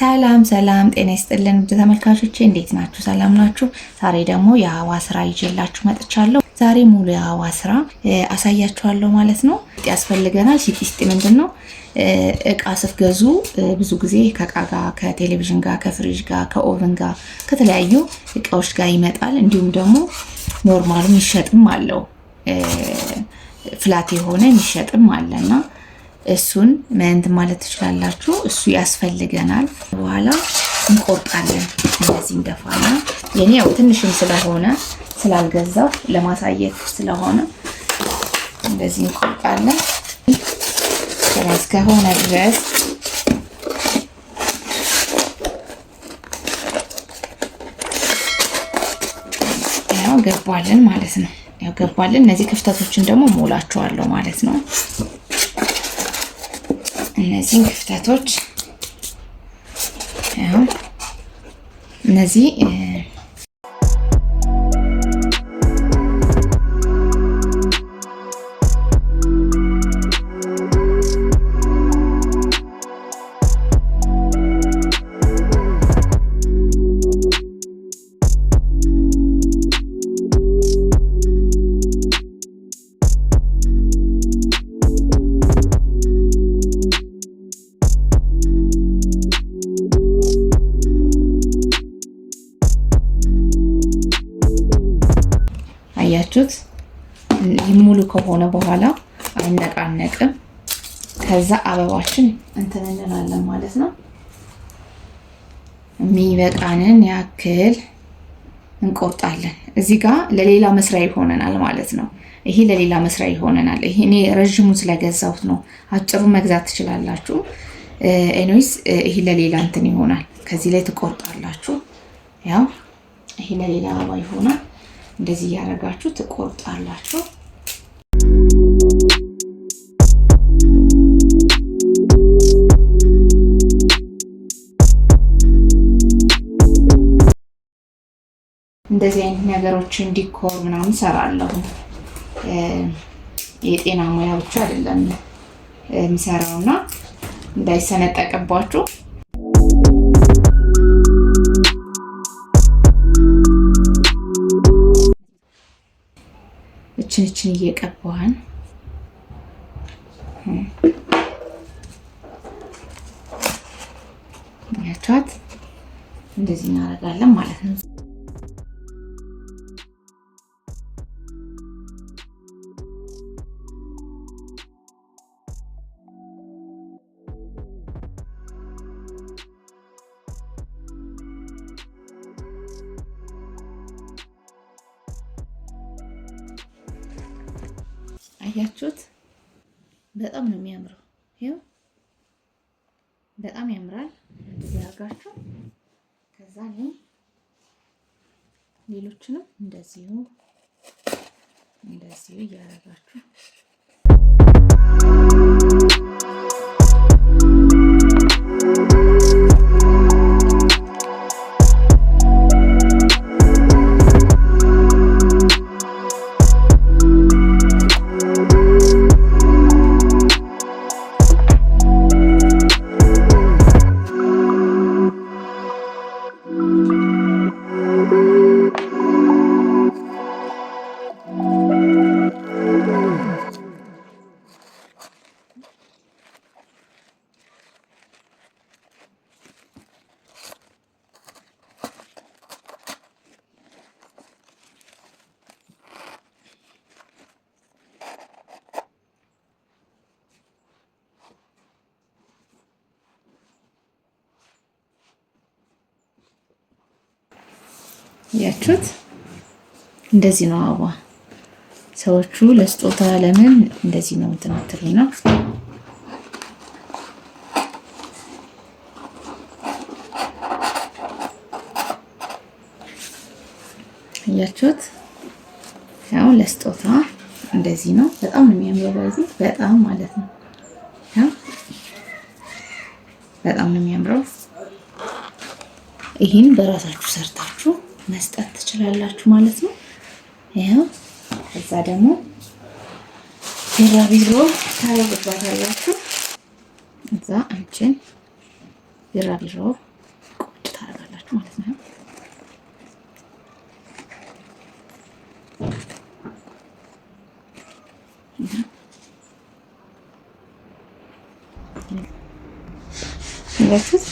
ሰላም ሰላም፣ ጤና ይስጥልን ውድ ተመልካቾቼ እንዴት ናችሁ? ሰላም ናችሁ? ዛሬ ደግሞ የአዋ ስራ ይዤላችሁ መጥቻለሁ። ዛሬ ሙሉ የአዋ ስራ አሳያችኋለሁ ማለት ነው። ሲጥ ያስፈልገናል። ሲጥ ሲጥ ምንድን ነው? እቃ ስትገዙ ብዙ ጊዜ ከእቃ ጋር፣ ከቴሌቪዥን ጋር፣ ከፍሪጅ ጋር፣ ከኦቨን ጋር፣ ከተለያዩ እቃዎች ጋር ይመጣል። እንዲሁም ደግሞ ኖርማሉ የሚሸጥም አለው፣ ፍላት የሆነ የሚሸጥም አለና እሱን መንት ማለት ትችላላችሁ። እሱ ያስፈልገናል። በኋላ እንቆርጣለን። እንደዚህ እንደፋና የኔ ያው ትንሽም ስለሆነ ስላልገዛው ለማሳየት ስለሆነ እንደዚህ እንቆርጣለን። እስከሆነ ድረስ ያው ገባልን ማለት ነው። ያው ገባልን። እነዚህ ክፍተቶችን ደግሞ ሞላቸዋለሁ ማለት ነው። እነዚህን ክፍተቶች ያው እነዚህ አያችሁት? ሙሉ ከሆነ በኋላ አይነቃነቅም። ከዛ አበባችን እንትን እንላለን ማለት ነው። የሚበቃንን ያክል እንቆርጣለን። እዚህ ጋር ለሌላ መስሪያ ይሆነናል ማለት ነው። ይሄ ለሌላ መስሪያ ይሆነናል። ይሄ እኔ ረዥሙን ስለገዛሁት ነው። አጭሩን መግዛት ትችላላችሁ። ኤኒዌይስ ይሄ ለሌላ እንትን ይሆናል። ከዚህ ላይ ትቆርጣላችሁ። ያው ይሄ ለሌላ አበባ ይሆናል። እንደዚህ እያደረጋችሁ ትቆርጣላችሁ። እንደዚህ አይነት ነገሮች እንዲኮር ምናምን ሰራለሁ። የጤና ሙያ ብቻ አይደለም ምሰራውና እንዳይሰነጠቅባችሁ ችንችን እየቀባዋን ያቸዋት እንደዚህ እናደርጋለን ማለት ነው። አያችሁት? በጣም ነው የሚያምረው። ይኸው በጣም ያምራል። ያርጋችሁ ከዛ ነው ሌሎችንም እንደዚሁ እንደዚሁ እያረጋችሁ ያችሁት እንደዚህ ነው አዋ ሰዎቹ ለስጦታ ለምን እንደዚህ ነው እንትናትሉ ነው። ያችሁት ያው ለስጦታ እንደዚህ ነው። በጣም ነው የሚያምረው። በጣም ማለት ነው በጣም ነው የሚያምረው። ይህን በራሳችሁ ሰርታችሁ መስጠት ትችላላችሁ ማለት ነው። ይኸው እዛ ደግሞ ቢራቢሮ ታረጉባታላችሁ። እዛ አንቺን ቢራቢሮ ቁጭ ታረጋላችሁ ማለት ነው።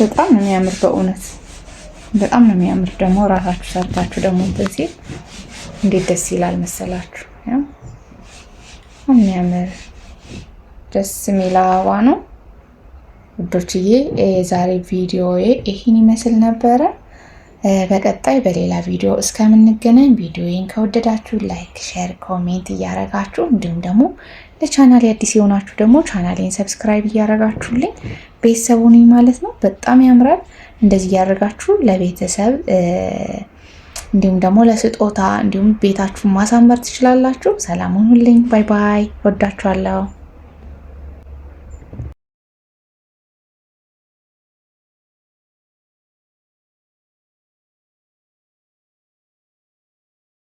በጣም ነው የሚያምር በእውነት በጣም ነው የሚያምር። ደግሞ ራሳችሁ ሰርታችሁ ደግሞ እንትን ሲል እንዴት ደስ ይላል መሰላችሁ። የሚያምር ደስ የሚል አበባ ነው ውዶችዬ። የዛሬ ቪዲዮ ይህን ይመስል ነበረ። በቀጣይ በሌላ ቪዲዮ እስከምንገናኝ ቪዲዮዬን ከወደዳችሁ ላይክ፣ ሼር፣ ኮሜንት እያረጋችሁ እንዲሁም ደግሞ ለቻናል አዲስ የሆናችሁ ደግሞ ቻናሌን ሰብስክራይብ እያደረጋችሁልኝ ቤተሰቡን ማለት ነው። በጣም ያምራል። እንደዚህ እያደረጋችሁ ለቤተሰብ እንዲሁም ደግሞ ለስጦታ እንዲሁም ቤታችሁን ማሳመር ትችላላችሁ። ሰላም ሁልኝ። ባይ ባይ። ወዳችኋለሁ።